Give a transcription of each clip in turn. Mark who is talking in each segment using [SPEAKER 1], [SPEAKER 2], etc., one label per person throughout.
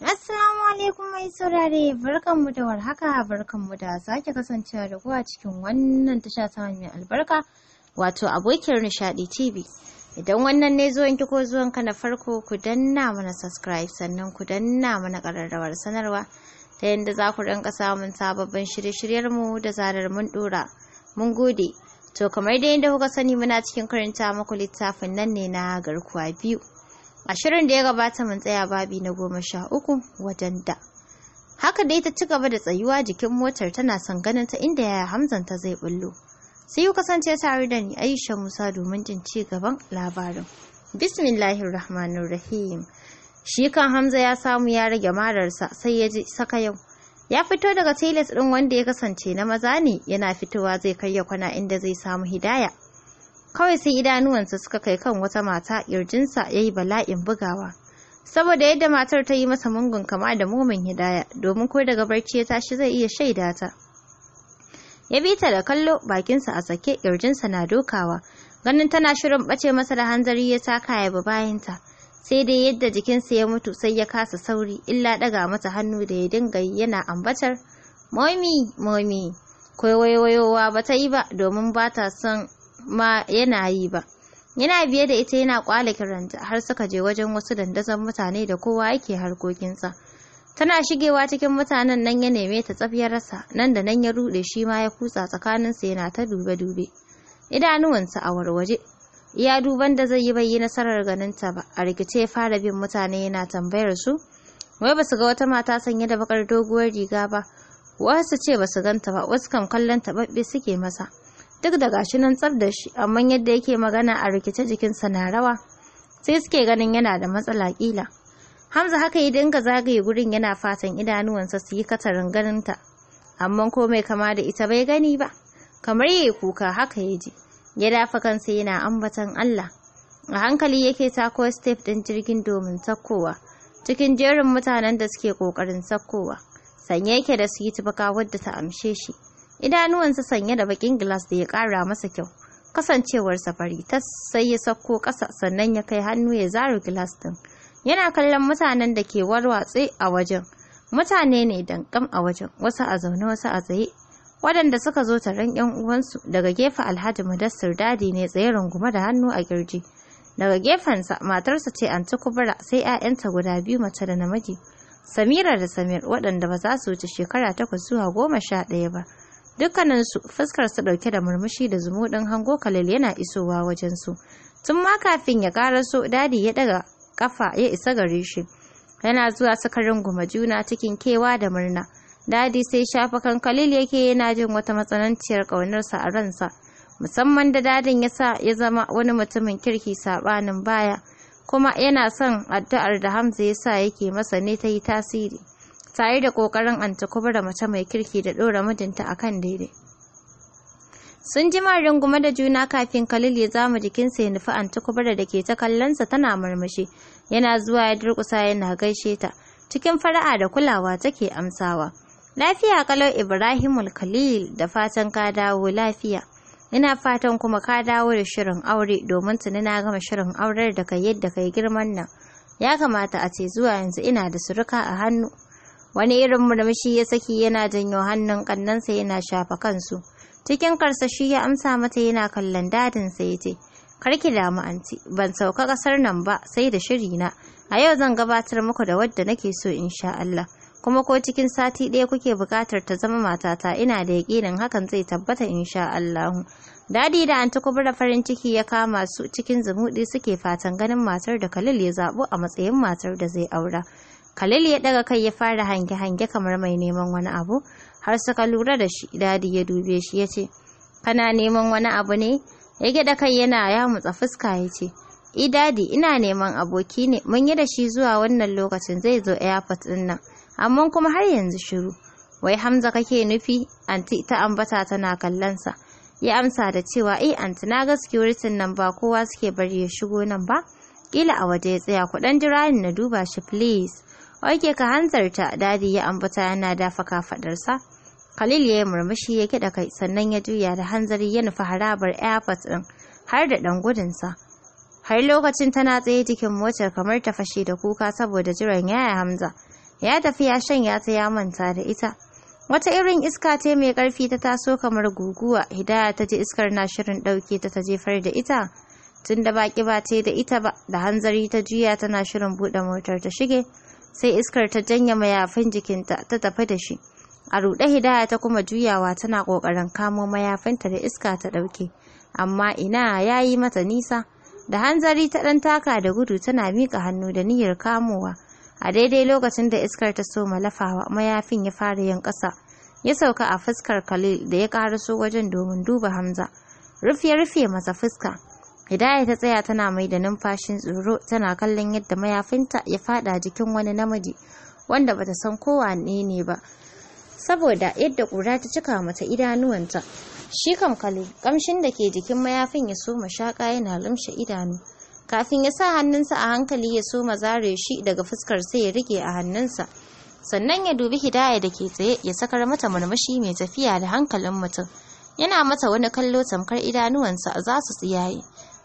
[SPEAKER 1] Assalamu alaikum mai saurare barkanmu da warhaka barkanmu da sake kasancewa da ku a cikin wannan tasha ta mai albarka wato abokiyar nishadi TV. Idan wannan ne zuwan ki ko zuwan ka na farko ku danna mana subscribe sannan ku danna mana kararrawar sanarwa ta yadda za ku rinka samun sababbin shirye-shiryen mu da zarar mun dora. Mun gode. To kamar dai yadda kuka sani muna cikin karanta muku littafin nan ne na garkuwa biyu. ashirin da ya gabata mun tsaya babi na goma sha uku wajen da haka dai ta ci gaba da tsayuwa jikin motar tana son ganin ta inda yaya hamzan ta zai bullo sai ku kasance tare da ni aisha musa domin jin ci gaban labarin rahmanin shi kan hamza ya samu ya rage mararsa sai ya ji saka yau ya fito daga tilas din wanda ya kasance na maza ne yana fitowa zai karya kwana inda zai samu hidaya kawai sai idanuwansa suka kai kan wata mata ƙirjinsa ya yi bala'in bugawa saboda yadda matar ta yi masa mungun kama da momin hidaya domin ko daga barci ya tashi zai iya shaida ta ya bi ta da kallo bakinsa a sake ƙirjinsa na dokawa ganin tana shirin bace masa da hanzari ya saka ya bi bayanta sai dai yadda jikinsa ya mutu sai ya kasa sauri illa ɗaga mata hannu da ya dinga yana ambatar momi momi koyoyowa ba ta yi ba domin ba ta son ma yana yi ba yana biye da ita yana kwala kiranta har suka je wajen wasu dandazon mutane da kowa yake harkokinsa tana shigewa cikin mutanen nan ya neme ta tsafiyar rasa nan da nan ya rude shi ma ya kutsa tsakaninsa yana ta dube-dube idanuwansa a warwaje iya duban da zai yi bai yi nasarar ganinta ba a rikice ya fara bin mutane yana tambayar su wai basu ga wata mata sanye da bakar doguwar riga ba wasu ce basu ganta ba wasu kam kallon taɓaɓɓe suke masa duk da gashi nan tsar da shi amma yadda yake magana a rikice jikinsa na rawa sai suke ganin yana da matsala kila hamza haka ya dinga zagaye gurin yana fatan idanuwansa su yi katarin ganinta amma komai kama da ita bai gani ba kamar yayi kuka haka ya ji ya dafa kansa yana ambatan allah a hankali yake tako step din jirgin domin sakkowa cikin jerin mutanen da suke kokarin sakkowa sanye yake da su yi tubaka wadda ta amshe shi idanuwansa sanye da bakin gilas da ya kara masa kyau kasancewarsa fari ta sai ya sauko ƙasa sannan ya kai hannu ya zaro gilas ɗin yana kallon mutanen da ke warwatse a wajen mutane ne dankam a wajen wasu a zaune wasu a tsaye waɗanda suka zo taron yan uwansu daga gefe alhaji mudassir dadi ne tsaye runguma da hannu a girji daga gefensa matarsa ce anti kubra sai 'ya'yanta guda biyu mace da namiji samira da samir waɗanda ba za su wuce shekara takwas zuwa goma sha ɗaya ba su fuskar su ɗauke da murmushi da zumuɗin hango kalil yana isowa wajen su tun ma kafin ya ƙaraso dadi ya ɗaga kafa ya isa gare shi yana zuwa suka runguma juna cikin kewa da murna dadi sai kan kalil yake yana jin wata matsananciyar ƙaunarsa a ransa musamman da dadin ya sa ya zama wani mutumin kirki saɓanin baya kuma yana son addu'ar da hamza ya sa yake masa ne ta yi tasiri tare da ƙoƙarin anta da mace mai kirki da ɗora mijinta a kan daidai. Sun ji runguma da juna kafin kalil ya zama jikin ya nufi anta da ke ta kallonsa tana murmushi, yana zuwa ya durƙusa yana gaishe ta, cikin fara'a da kulawa take amsawa. Lafiya kalau Ibrahimul Khalil da fatan ka dawo lafiya. Ina fatan kuma ka dawo da shirin aure domin tuni na gama shirin aurar da kai yadda kai girman nan. Ya kamata a ce zuwa yanzu ina da suruka a hannu. wani irin murmushi ya saki yana janyo hannun kannansa yana shafa kansu cikin karsashi ya amsa mata yana kallon dadin sa yace karki damu anti ban sauka kasar nan ba sai da shiri na a yau zan gabatar muku da wadda nake so insha Allah kuma ko cikin sati ɗaya kuke buƙatar ta zama matata ina da yaƙinin hakan zai tabbata insha Allah Dadi da anti kubura farin ciki ya kama su cikin zumudi suke fatan ganin matar da Khalil ya zaɓo a matsayin matar da zai aura. Khalil ya ɗaga kai ya fara hange-hange kamar mai neman wani abu, har suka lura da shi, dadi ya dube shi ya ce, Kana neman wani abu ne? Ya gyaɗa kai yana ya mutsa fuska ya ce, I dadi ina neman aboki ne, mun yi da shi zuwa wannan lokacin zai zo airport ɗin nan, amma kuma har yanzu shiru. Wai Hamza kake nufi? Anti ta ambata tana sa. Ya amsa da cewa, "Eh, anti na ga sikuritin nan ba kowa suke bari ya shigo nan ba?" Ƙila a waje ya tsaya ku dan jira na duba shi please. oke ka hanzarta dadi ya ambata yana dafa kafadarsa khalil ya yi murmushi ya kiɗa kai sannan ya juya da hanzari ya nufi harabar airport ɗin har da ɗan gudunsa har lokacin tana tsaye cikin motar kamar ta fashe da kuka saboda jiran yaya hamza ya tafi ya shanya ta ya manta da ita wata irin iska ce mai ƙarfi ta taso kamar guguwa hidaya ta ji iskar na shirin ɗauke ta ta jefar da ita tun da baƙi ba ce da ita ba da hanzari ta juya tana shirin buɗe motar ta shige sai iskar ta janye mayafin jikinta ta tafi da shi a ruɗe hidaya ta kuma juyawa tana ƙoƙarin kamo mayafinta da iska ta ɗauke amma ina yayi mata nisa da hanzari ta ɗan taka da gudu tana mika hannu da niyyar kamowa a daidai lokacin da iskar ta so malafawa mayafin ya fara yin ƙasa ya sauka a fuskar khalil da ya karaso wajen domin duba hamza rufe rufe masa fuska Hidaya ta tsaya tana mai da numfashin tsoro tana kallon yadda mayafinta ya fada jikin wani namiji wanda bata san kowane ne ba saboda yadda kura ta cika mata idanuwanta shi kam kale kamshin da ke jikin mayafin ya soma shaka yana lumshe idanu kafin ya sa hannunsa a hankali ya soma zare shi daga fuskar sai ya rike a hannunsa sannan ya dubi hidaya da ke tsaye ya sakar mata murmushi mai tafiya da hankalin mutum yana mata wani kallo tamkar idanuwansa za su tsiyaye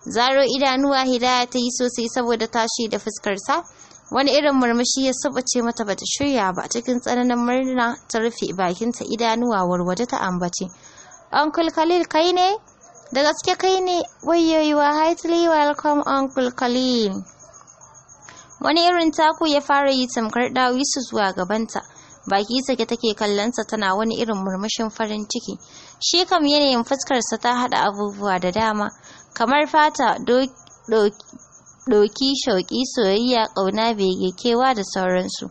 [SPEAKER 1] zaro idanuwa hidaya ta yi sosai saboda tashi da fuskarsa wani irin murmushi ya subace mata bata shirya ba cikin tsananin murna ta rufe bakinta idanuwa warwaje ta ambace uncle khalil kai ne da gaske kai ne wayoyi wa heightly welcome uncle khalil wani irin taku ya fara yi tamkar dawisu zuwa gabanta baki sake take kallonsa tana wani irin murmushin farin ciki shi kam yanayin fuskarsa ta haɗa abubuwa da dama kamar fata doki shauƙi soyayya ƙauna bege kewa da sauransu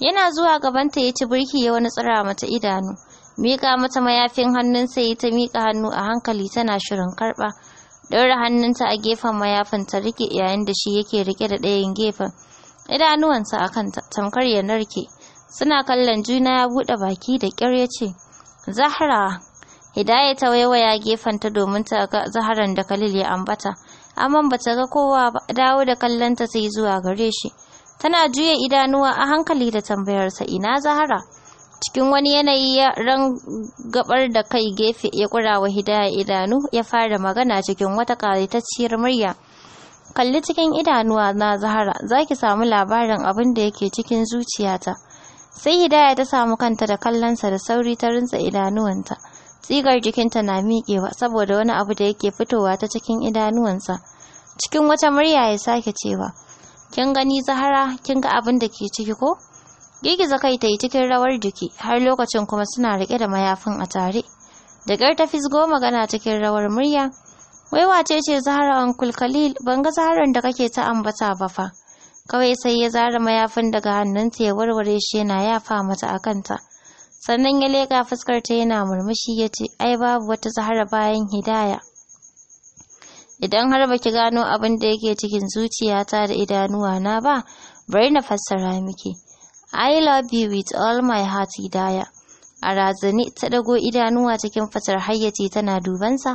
[SPEAKER 1] yana zuwa gabanta ya ci birki ya wani tsira mata idanu Mika mata mayafin hannun sai ta mika hannu a hankali tana shirin karɓa ɗaura hannunta a gefen mayafin ta rike yayin da shi yake rike da ɗayan gefen idanuwansa a kan tamkar ya narke suna kallon juna ya buɗe baki da ƙyar ya ce zahra Hidaya ta waiwaya ta domin ta ga Zaharan da Khalil ya ambata, amma ba ta ga kowa ba dawo da kallonta sai zuwa gare shi. Tana juya idanuwa a hankali da tambayarsa ina Zahara. Cikin wani yanayi ya gabar da kai gefe ya kurawa Hidaya idanu ya fara magana cikin wata ƙayatacciyar murya. Kalli cikin idanuwa na Zahara, za ki samu labarin abin da yake cikin zuciyata. Sai Hidaya ta samu kanta da kallonsa da sauri ta rintsa idanuwanta. tsigar jikinta na miƙewa saboda wani abu da yake fitowa ta cikin idanuwansa cikin wata murya ya sake cewa kin gani zahara kin ga abin da ke ciki ko girgiza kai ta yi cikin rawar jiki har lokacin kuma suna rike da mayafin a tare da ƙyar ta fisgo magana cikin rawar murya wai wace ce zahara uncle khalil ban ga zaharar da kake ta ambata ba fa kawai sai ya zara mayafin daga hannunta ya warware shi yana yafa mata a kanta sannan ya leƙa fuskar ta yana murmushi ya ce ai babu wata zahara bayan hidaya idan har baki gano abin da yake cikin zuciyata da idanuwa na ba bari na fassara miki i love you with all my heart hidaya a razani ta dago idanuwa cikin fatar hayyaci tana dubansa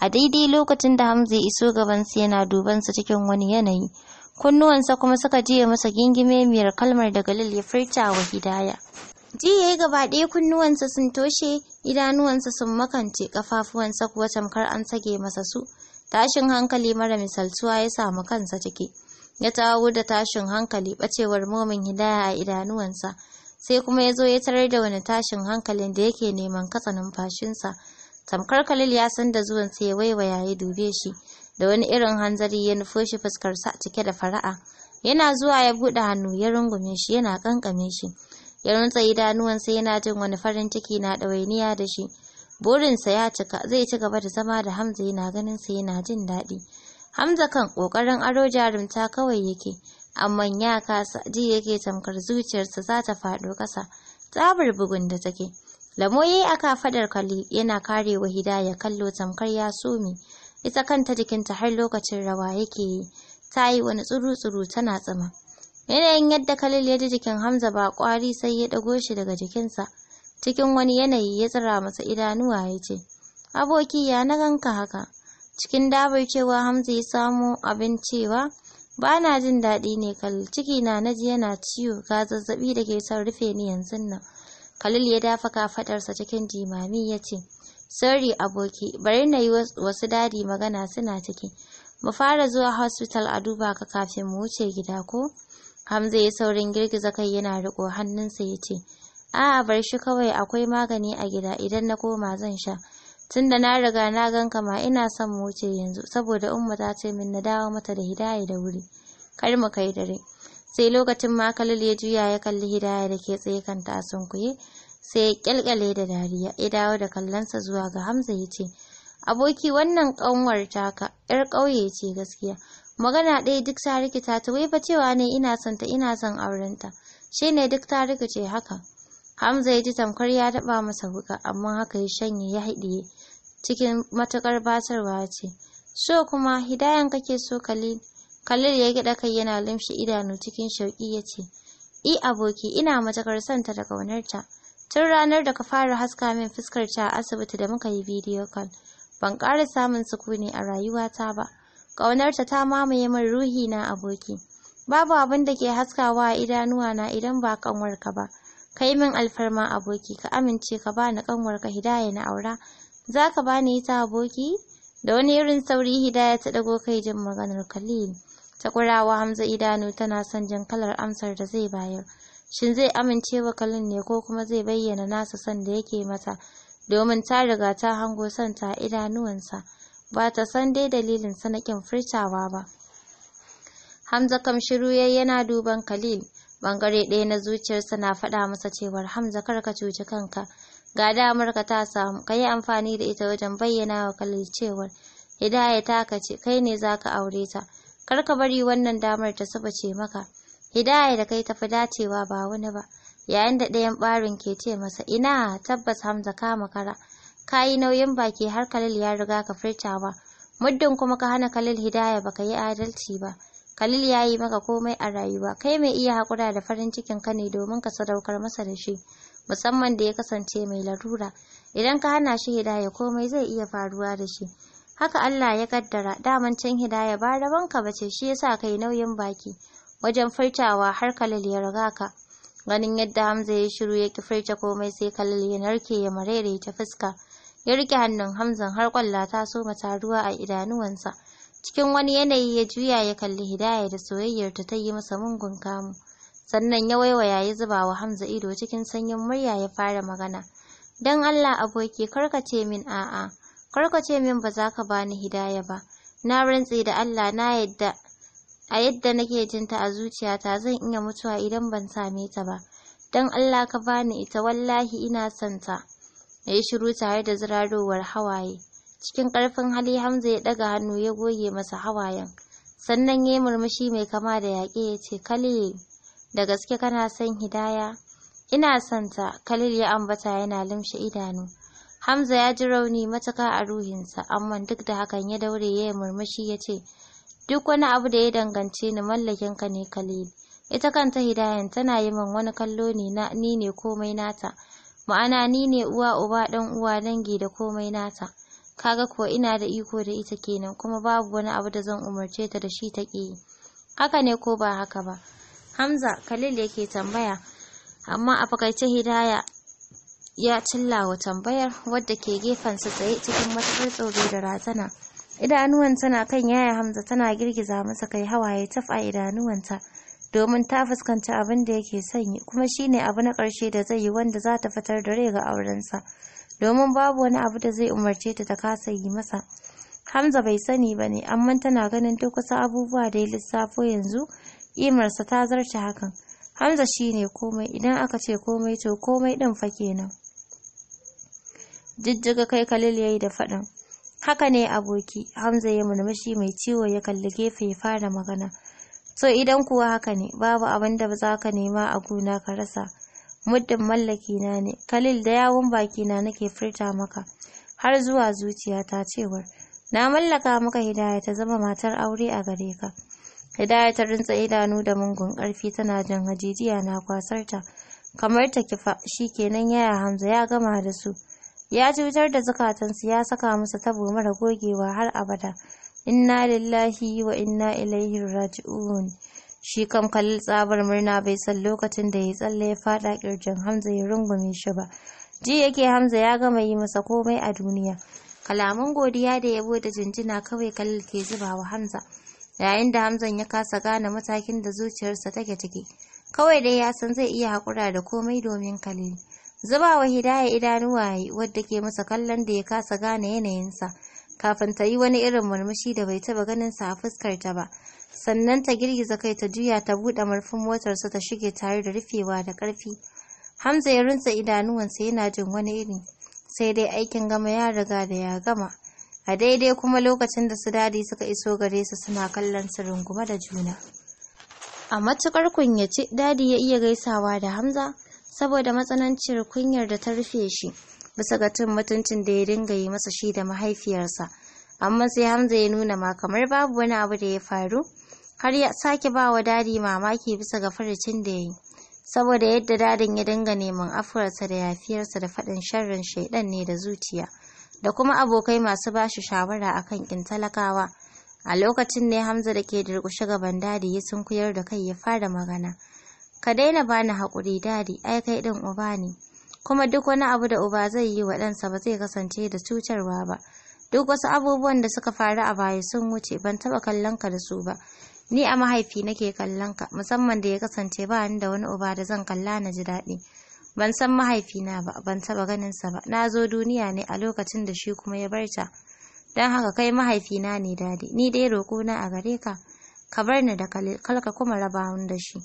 [SPEAKER 1] a daidai lokacin da hamza ya iso gabansa yana dubansa cikin wani yanayi kunnuwansa kuma suka jiya masa gingime miyar kalmar da galil ya furta wa hidaya ji ya yi gaba ɗaya kunnuwansa sun toshe idanuwansa sun makance kafafuwansa kuwa tamkar an sage masa su tashin hankali mara misaltuwa ya samu kansa ciki ya tawo da tashin hankali ɓacewar momin hidaya a idanuwansa sai kuma ya zo ya tarar da wani tashin hankalin da yake neman katsa numfashinsa tamkar Khalil ya san da zuwansa ya waiwaya ya dube shi da wani irin hanzari ya nufo shi fuskarsa cike da fara'a yana zuwa ya buɗe hannu ya rungume shi yana kankame shi ya runtse sai yana jin wani farin ciki na ɗawainiya da shi burinsa ya cika zai ci gaba da zama da hamza yana ganin sa yana jin daɗi hamza kan ƙoƙarin aro jarumta kawai yake amma ya kasa ji yake tamkar zuciyarsa za ta faɗo ƙasa tsabar bugun da take lamo yayi a faɗar kali yana karewa hidaya kallo tamkar ya sumi ita kanta jikinta har lokacin rawa yake yi ta yi wani tsuru-tsuru tana tsima Yanayin yadda Khalil ya ji jikin Hamza ba ƙwari sai ya ɗago shi daga jikinsa. Cikin wani yanayi ya tsira masa idanuwa ya ce, Aboki ya na ganka haka. Cikin dabar cewa Hamza ya samo abin cewa, ba na jin daɗi ne Khalil, ciki na naji yana ciwo ga zazzaɓi da ke son rufe ni yanzu nan. Khalil ya dafa kafaɗarsa cikin jimami ya ce, Sorry aboki, bari na yi wasu dadi magana suna ciki. Mu fara zuwa hospital a duba ka kafin mu wuce gida ko? Hamza ya saurin girgiza kai yana riko hannunsa ya ce, A'a bar shi kawai akwai magani a gida idan na koma zan sha. Tunda na riga na gan kama ina son mu wuce yanzu saboda Umma ta ce min na dawo mata da Hidaya da wuri. Kar mu kai dare. Sai lokacin ma ya juya ya kalli Hidaya da ke tsaye kanta a sunkuye sai ya kyalkyale da dariya ya dawo da kallonsa zuwa ga Hamza ya ce, Aboki wannan kanwar taka, ‘yar ƙauye ce gaskiya, magana ɗaya duk ta ta wai ba cewa ne ina son ta ina son aurenta Shi ne duk ta rikice haka Hamza ya ji tamkar ya taɓa masa wuka amma haka ya shanye ya haɗiye cikin matuƙar basarwa ce so kuma hidayan kake so kalil kalil ya gida kai yana limshi idanu cikin shauƙi ya ce i aboki ina matukar son ta da ta. tun ranar da ka fara haska min fuskar ta a asibiti da muka yi bidiyo kal ban ƙara samun sukuni a rayuwata ba ƙaunarta ta mamaye min ruhi na aboki babu abin da ke haskawa a idanuwa na idan ba kanwarka ba kai min alfarma aboki ka amince ka ba bani kanwarka hidaya na aura za ka bani ita aboki da wani irin sauri hidaya ta dago kai jin maganar khalil ta kurawa hamza idanu tana son jin kalar amsar da zai bayar shin zai amince wa kalin ne ko kuma zai bayyana nasa son da yake mata domin ta riga ta hango son ta idanuwansa ba ta san dai dalilin sana'kin furtawa ba Hamza kam shiru yana duban Khalil bangare ɗaya na zuciyarsa na faɗa masa cewar Hamza kar ka cuci kanka ga damar ka ta samu ka yi amfani da ita wajen bayyana wa Khalil cewar Hidaya ta kace kai ne zaka aure ta kar ka bari wannan damar ta sabace maka Hidaya da kai tafi dacewa ba wani ba yayin da ɗayan ɓarin ke ce masa ina tabbas Hamza ka makara ka yi nauyin baki har Khalil ya riga ka ba? muddin kuma ka hana Khalil hidaya baka yi adalci ba Khalil ya yi maka komai a rayuwa kai mai iya hakura da farin cikin ka ne domin ka sadaukar masa da shi musamman da ya kasance mai larura idan ka hana shi hidaya komai zai iya faruwa da shi haka Allah ya kaddara daman can hidaya ba rabon ka bace shi yasa kai nauyin baki wajen furtawa har Khalil ya riga ka ganin yadda Hamza ya shiru ya ki komai sai Khalil ya narke ya marere ta fuska ya rike hannun Hamzan har kwalla ta soma taruwa a idanuwansa. Cikin wani yanayi ya juya ya kalli Hidaya da soyayyar ta yi masa mungun kamu. Sannan ya waiwaya ya zuba wa Hamza ido cikin sanyin murya ya fara magana. dan Allah aboki ce min a'a, ce min ba za ka bani Hidaya ba. Na rantse da Allah na yadda a yadda nake jin ta a zuciyata zan iya mutuwa idan ban same ta ba. dan Allah ka bani ita wallahi ina son ta. ya yi shiru tare da zirarowar hawaye cikin ƙarfin hali hamza ya ɗaga hannu ya goge masa hawayen sannan ya yi murmushi mai kama da yaƙe ya ce kalil da gaske kana son hidaya ina son ta kalil ya ambata yana limshe idanu hamza ya ji rauni matuka a ruhinsa amma duk da hakan ya daure ya yi murmushi ya ce duk wani abu da ya dangance ni mallakin ka ne kalil ita kanta hidayan tana yi min wani kallo ni ne komai nata ma'ana ni ne uwa uba dan uwa dangi da komai nata kaga kuwa ina da iko da ita kenan kuma babu wani abu da zan umarce ta da shi ta ƙi haka ne ko ba haka ba hamza khalil yake tambaya amma a fakaice hidaya ya cillawa tambayar wadda ke sa tsaye cikin matsar tsoro da razana idanuwan tana kan yaya hamza tana girgiza masa kai hawaye tafa a idanuwanta domin ta fuskanci abin da yake sanyi. Kuma kuma shine abu na ƙarshe da zai yi wanda za ta fitar da rai ga aurensa domin babu wani abu da zai umarce ta ta kasa yi masa Hamza bai sani ba ne amma tana ganin duk wasu abubuwa da ya lissafo yanzu Imarsa ta zarce hakan Hamza shine komai idan aka ce komai to komai ɗin fa kenan jijjiga kai kalil yayi da faɗin haka ne aboki Hamza ya murmushi mai ciwo ya kalli gefe ya fara magana so idan kuwa haka ne babu abin da za ka nema a gona ka rasa muddin mallaki na ne kalil da yawun baki na nake furta maka har zuwa zuciya ta cewar na mallaka maka hidaya ta zama matar aure a gare ka hidaya ta rintsa idanu da mungun karfi tana jan hajijiya na kwasar ta kamar ta kifa kenan yaya hamza ya gama da su ya cutar da zukatansu ya saka musu tabo mara gogewa har abada inna lillahi wa inna ilaihi raji'un shi kam kallin tsabar murna bai san lokacin da ya tsalle ya fada kirjin hamza ya rungume shi ba ji yake hamza ya gama yi masa komai a duniya kalaman godiya da yabo da jinjina kawai kalil ke zuba wa hamza yayin da hamzan ya kasa gane matakin da zuciyarsa take take kawai dai ya san zai iya hakura da komai domin kalil zuba wa hidaya idanuwa wadda ke masa kallon da ya kasa gane yanayinsa kafin ta yi wani irin murmushi da bai taba ganin sa a ta ba sannan ta girgiza kai ta juya ta buɗe murfin motarsa ta shige tare da rufewa da ƙarfi hamza ya runtsa idanuwansa yana jin wani iri sai dai aikin gama ya riga da ya gama a daidai kuma lokacin da su dadi suka iso gare su suna kallon su rungume da juna a matukar kunyaci, dadi ya iya gaisawa da hamza saboda matsananciyar kunyar da ta rufe shi bisa ga cin mutuncin da ya dinga yi masa shi da mahaifiyarsa amma sai hamza ya nuna ma kamar babu wani abu da ya faru har ya sake ba wa dadi mamaki bisa ga farcin da ya yi saboda yadda dadin ya dinga neman afuwarsa da yafiyarsa da faɗin sharrin shaidan ne da zuciya da kuma abokai masu bashi shawara a kan kin talakawa a lokacin ne hamza da ke durƙushe gaban dadi ya sunkuyar da kai ya fara magana ka daina bani haƙuri dadi ai kai ɗin uba ne kuma duk wani abu da uba zai yi wa ɗansa ba zai kasance da cutarwa ba duk wasu abubuwan da suka faru a baya sun wuce ban taba kallon ka da su ba ni a mahaifi nake kallon ka musamman da ya kasance ba ni da wani uba da zan kalla na ji daɗi ban san mahaifi na ba ban taɓa ganinsa ba na zo duniya ne a lokacin da shi kuma ya bar ta don haka kai mahaifi na ne dadi ni dai roƙo na a gare ka ka bar ni da kalka kuma raba da shi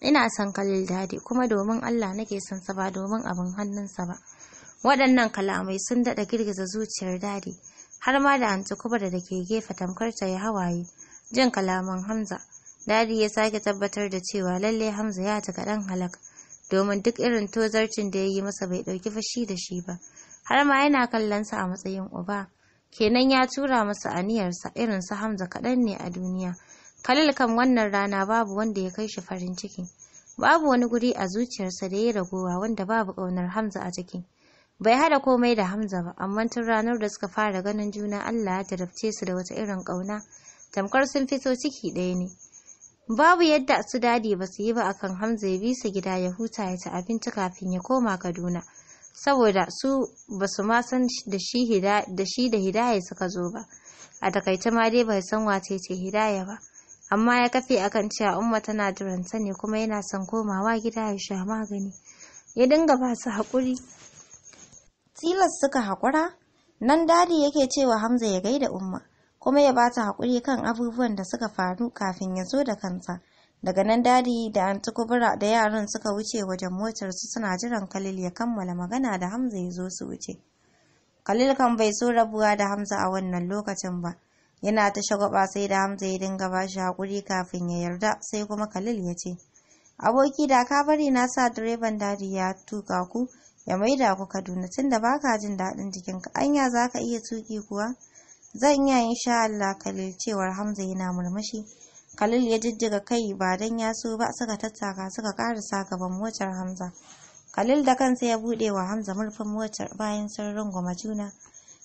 [SPEAKER 1] ina son kalil dadi kuma domin Allah nake son sa ba domin abin hannunsa ba waɗannan kalamai sun daɗa girgiza zuciyar dadi har ma da anti kuma da ke gefe tamkar ta ya hawaye jin kalaman hamza dadi ya sake tabbatar da cewa lalle hamza ya taka ɗan halak domin duk irin tozarcin da ya yi masa bai ɗauki fashi da shi ba har ma yana kallon sa a matsayin uba kenan ya tura masa aniyarsa irin su hamza kaɗan ne a duniya Khalil kan wannan rana babu wanda ya kai shi farin ciki. Babu wani guri a zuciyarsa da ya ragowa wanda babu ƙaunar Hamza a ciki. Bai haɗa komai da Hamza ba, amma tun ranar da suka fara ganin juna Allah ya jarabce su da wata irin ƙauna, tamkar sun fito ciki ɗaya ne. Babu yadda su dadi ba su yi ba akan Hamza ya bi su gida ya huta ya ci abinci kafin ya koma Kaduna. Saboda su ba su ma san da shi da hidaya suka zo ba. A takaice ma dai bai san wace ce hidaya ba. amma ya kafe akan cewa umma tana jiransa ne kuma yana son komawa gida ya sha magani ya dinga ba su haƙuri tilas suka haƙura nan dadi yake cewa hamza ya gaida umma kuma ya bata haƙuri kan abubuwan da suka faru kafin ya zo da kansa daga nan dadi da anti kubura da yaran suka wuce wajen motar su suna jiran kalil ya kammala magana da hamza ya zo su wuce kalil kan bai so rabuwa da hamza a wannan lokacin ba yana ta shagwaba sai da hamza ya dinga ba shi hakuri kafin ya yarda sai kuma Kalil ya ce aboki da ka bari na sa direban dadi ya tuka ku ya maida ku kaduna tunda ba ka jin daɗin jikinka anya za ka iya tuki kuwa zan iya insha Allah khalil cewar hamza yana murmushi Kalil ya jijjiga kai ba dan ya so ba suka tattaka suka karasa gaban motar hamza Kalil da kansa ya buɗewa wa hamza murfin motar bayan sun runguma juna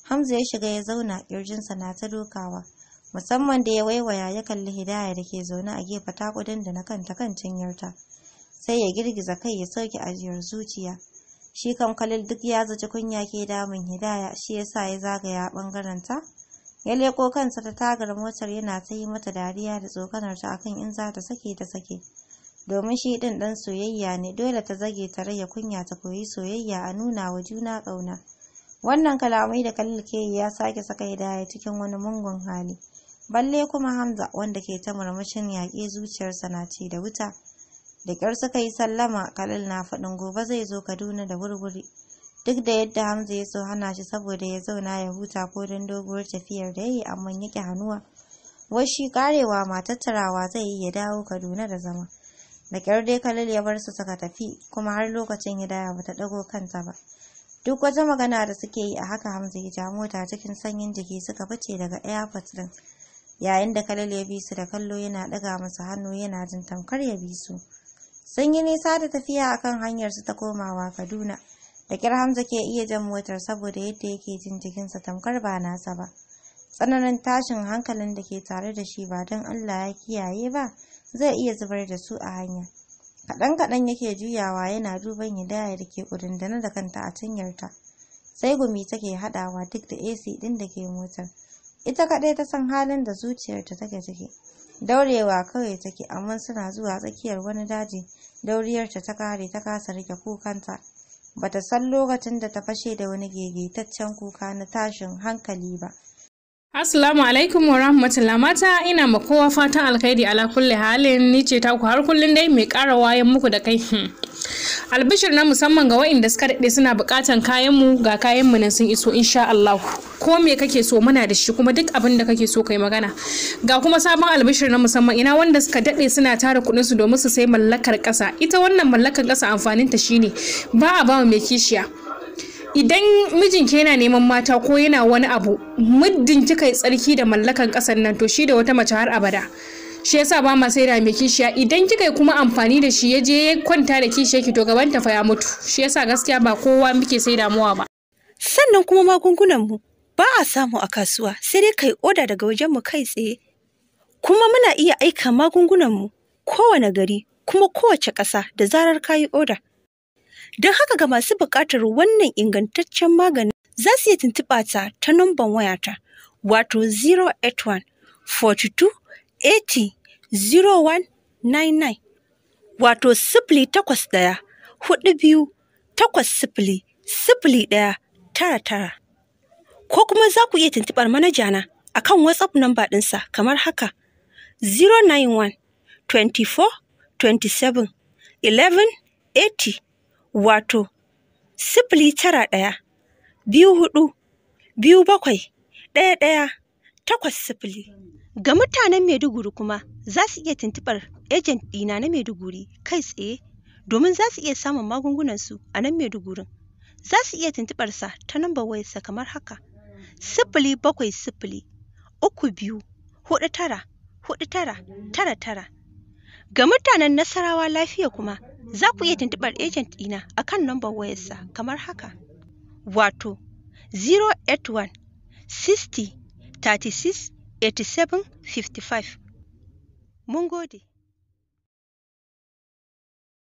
[SPEAKER 1] Hamza ya shiga ya zauna kirjinsa na ta dokawa. Musamman da ya waiwaya ya kalli Hidaya da ke zaune a gefe takudin da na kanta kan cinyarta. Sai ya girgiza kai ya sauke ajiyar zuciya. Shi kam kalil duk ya zaci kunya ke damun Hidaya shi ya sa ya zagaya a ɓangaranta? Ya leko kansa ta tagar motar yana ta yi mata dariya da tsokanar ta akan in za ta sake ta sake. Domin shi din ɗan soyayya ne dole ta zage ta rage kunya ta koyi soyayya a nuna wa juna ƙauna. wannan kalamai da Khalil ke ya sake saka Hidaya cikin wani mungun hali balle kuma Hamza wanda ke ta murmushin yaƙe zuciyarsa na ci da wuta da ƙyar suka yi sallama Khalil na faɗin gobe zai zo Kaduna da wurwuri duk da yadda Hamza ya so hana shi saboda ya zauna ya huta ko don doguwar tafiyar da yi, amma yake hannuwa wai shi karewa ma tattarawa zai yi ya dawo Kaduna da zama da ƙyar dai Khalil ya bar su suka tafi kuma har lokacin Hidaya ta ɗago kanta ba duk wata magana da suke yi a haka hamza ya ja mota cikin sanyin jiki suka fice daga airport din yayin da kalal ya bi su da kallo yana ɗaga masa hannu yana jin tamkar ya bi su sun yi nisa da tafiya akan hanyar su ta komawa kaduna da kyar hamza ke iya jan motar saboda yadda yake jin jikinsa tamkar ba nasa ba tsananin tashin hankalin da ke tare da shi ba don allah ya kiyaye ba zai iya zubar da su a hanya kaɗan-kaɗan yake juyawa yana duban hidaya da ke ƙudundana da kanta a cinyarta sai gumi take haɗawa duk da ac ɗin da ke motar ita kaɗai ta san halin da zuciyarta take ciki daurewa kawai take amma suna zuwa tsakiyar wani daji dauriyarta ta kare ta kasa rike kukanta bata san lokacin da ta fashe da wani gegetaccen kuka na tashin hankali ba
[SPEAKER 2] Assalamu alaikum wa rahmatullahi mata ina ma kowa fatan alkhairi ala kulli halin ni ce ta ku har kullun dai mai ƙara wayan muku da kai. Hmm. Albishir na musamman ga waɗanda suka daɗe suna buƙatan kayan mu ga kayan mu nan sun iso insha Allah. Ko me kake so muna da shi kuma duk abin da kake so kai magana. Ga kuma sabon albishir na musamman ina wanda suka daɗe suna tara kuɗin su domin su sai mallakar ƙasa. Ita wannan mallakar ƙasa amfanin ta shine ba a ba mai kishiya. idan mijinki yana neman mata ko yana wani abu muddin kika yi tsarki da mallakan ƙasar nan to shi da wata mace har abada shi yasa ba ma sai da mai kishiya idan kika yi kuma amfani da shi ya je ya kwanta da kishiya ki to gaban ta fa ya mutu shi yasa gaskiya ba kowa muke sai damuwa ba sannan kuma magungunan mu ba a samu a kasuwa sai dai kai oda daga wajen mu kai tsaye kuma muna iya aika magungunan mu kowane gari kuma kowace ƙasa da zarar kayi oda Don haka ga masu buƙatar wannan ingantaccen maganin za su iya tuntuɓa ta ta numban wayata wato 081 42 80 0199 wato sifili takwas ɗaya hudu biyu takwas ɗaya tara tara ko kuma za ku iya tuntuɓar manaja na a kan whatsapp namba ɗinsa kamar haka 091 24 27 11 80 wato sifili tara ɗaya biyu hudu biyu bakwai ɗaya ɗaya takwas sifili. Ga mutanen Maiduguri kuma za su iya tuntuɓar ejen ɗina na Maiduguri kai tsaye domin za su iya samun magungunansu a nan Maidugurin. Za su iya sa ta nambar wayarsa kamar haka. Sifili bakwai sifili uku biyu hudu tara hudu tara tara tara. Ga mutanen Nasarawa lafiya kuma za ku iya tuntuɓar ejent ɗina a kan nambar wayarsa kamar haka. Wato 081 60 36 87 55. Mun gode.